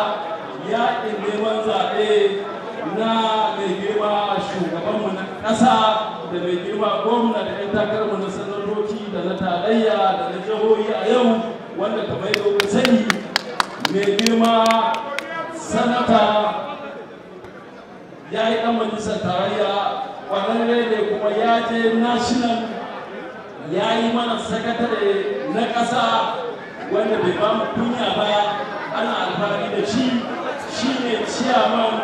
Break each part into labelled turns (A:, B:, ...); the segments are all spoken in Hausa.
A: yaƙin neman zaɓe na mai girma shugabanmu na ƙasa da mai girma gwamna da 'yan takarmu na sanarroki da na tarayya da na jihohi a yau wanda kamar yau sani mai girma sanata ya yi ɗan majalisar tarayya ƙwararre ne kuma ya je national ya yi mana sakatare na ƙasa wanda bai ba mu kunya ba ana alfahari da shi shi ne ciyaman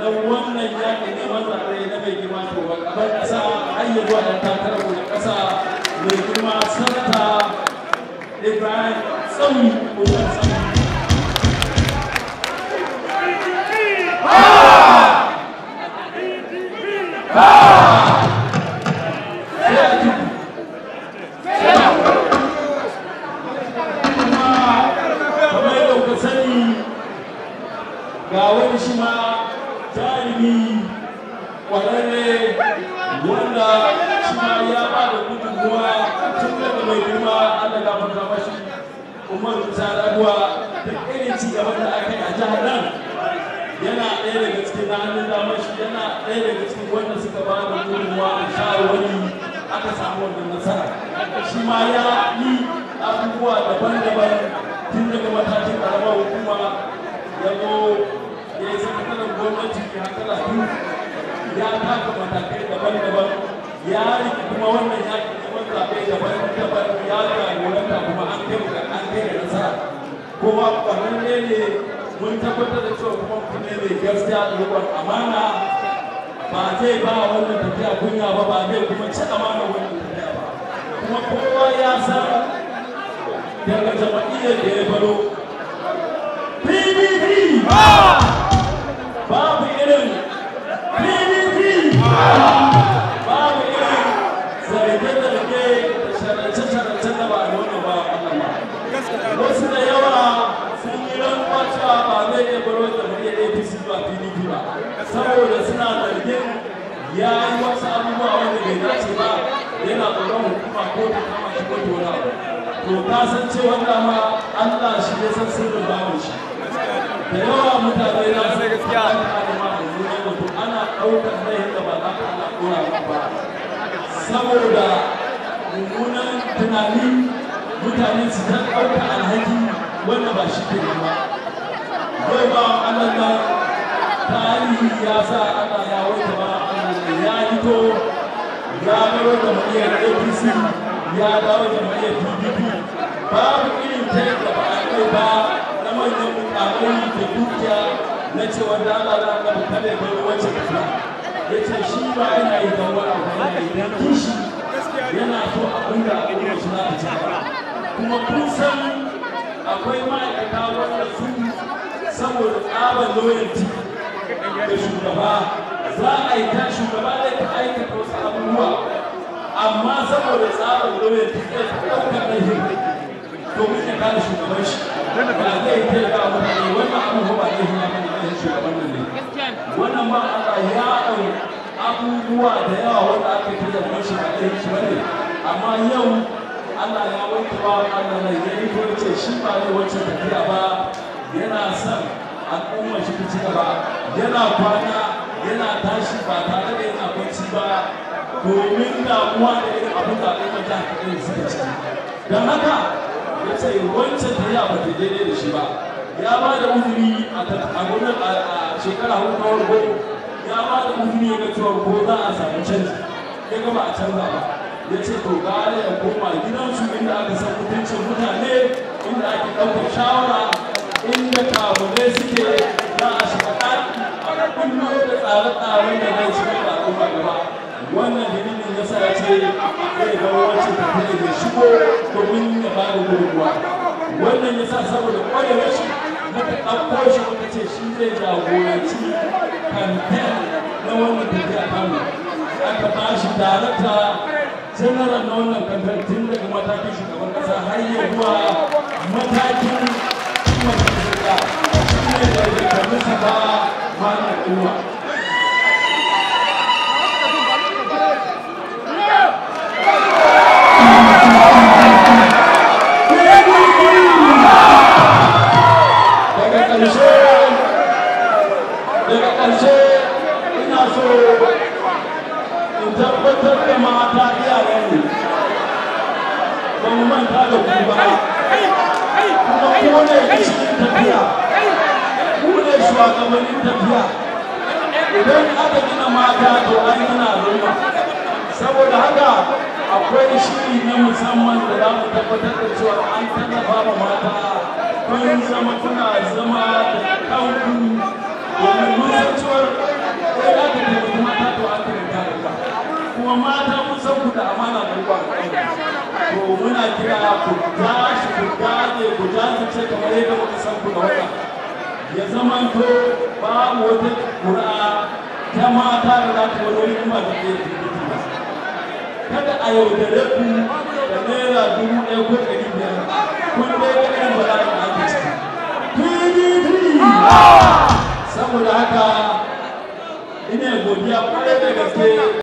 A: na wannan ne neman rai na mai girma shugaban ƙasar ƙasa har yi zuwa ɗan takarar wani ƙasa mai girma sarta ibrahim tsawi kusan ga wani shi ma jarumi kwararre wanda shi ma ya ba da ruwa tun daga mai girma allah ga mata mashi ta raguwa da irin ci gaban da aka yi a jihar nan yana ɗaya daga cikin na hannun damar shi yana ɗaya daga cikin wanda suka ba da a da shawarwari aka samu wannan nasara shi ma ya yi abubuwa daban-daban tun daga matakin karamar hukuma ya zo ya yi sakataren gwamnati ya kala biyu ya taka matakai daban-daban ya riki kuma wannan ya ki neman zaɓe daban-daban ya jagoranta kuma an kai ga an kai ga nasara kuma ƙwararre ne mun tabbatar da cewa kuma mutum ne gaskiya da amana ba zai ba wannan tafiya kunya ba ba zai kuma ci amana wannan tafiya ba kuma kowa ya san daga jama'iyyar da ya baro saboda suna zarge ya yi wasu abubuwa wanda bai dace ba yana tsoron hukuma ko ta kama shi ko ta to ta san cewa ma Allah shi ya san sirrin babu shi da yawa mutane na san gaskiya ana ɗaukar laihin da ba za ka ana ba saboda mummunan tunani mutane su ta dauka alhaki wanda ba shi ke ba. Zai ba Allah tarihi ya sa ana dawo jama'a ya fito ya dawo jama'iyyar apc ya dawo jama'iyyar pdp babu irin ta yi ba a kai ba na manyan mukamai da dukiya na cewa da ala za a gaba kada ya wacce ya ce shi ba yana yi don wani abu yana yi don kishi yana so abin da abin da shi za ta ci kuma kun san akwai ma'aikata wanda sun saboda tsabar loyalty fiye da shugaba za a yi kan shugaba da ta aikata wasu abubuwa amma saboda tsarin dole ta iya ɗaukar laifin domin ya kada shugaban shi ba zai taimaka mutane wannan abubuwa ne ya mana laifin shugaban nan ne wannan ba Allah ya ɗau abubuwa da yawa wanda aka kira da shi ba ɗaya shi ne amma yau Allah ya wanke ba Allah ne ya yi ko ce shi ba ne wancan tafiya ba yana son al'ummar shi ci gaba yana kwana yana tashi ba tare da yana ba domin damuwa da irin abin da al'ummar jihar su da ciki don haka ya ce wancan ta yi abu daidai da shi ba ya ba da uzuri a a shekara hudu na ya ba da uzuri ga cewa ko za a samu canji ya gaba a canza ba ya ce to gane ya koma gidansu inda aka san mutuncin mutane idan wancan tafiya ya shigo domin ya ba da gudunmuwa wannan ya sa saboda ƙwarewar shi muka ɗauko shi muka ce shi zai jagoranci kamfen na wannan tafiya tamu aka ba shi darakta general na wannan kamfen tun daga matakin shugaban ƙasa har ya zuwa matakin cimma da shi ne da ya kamisa ba ma al'umma manta da ku kuma ku ne cikin tafiya ku ne shugabannin tafiya idan aka gina mata to an gina al'umma saboda haka akwai shiri na musamman da za mu tabbatar da cewa an tallafa wa mata kun zama kuna zama da kanku to muna kira ku tashi ku gane ku jajirce kamar yadda muka san ku da wata ya zama to babu wata ƙura ta mata da za ta wani kuma da ke kada a yaudare ku da naira dubu ɗaya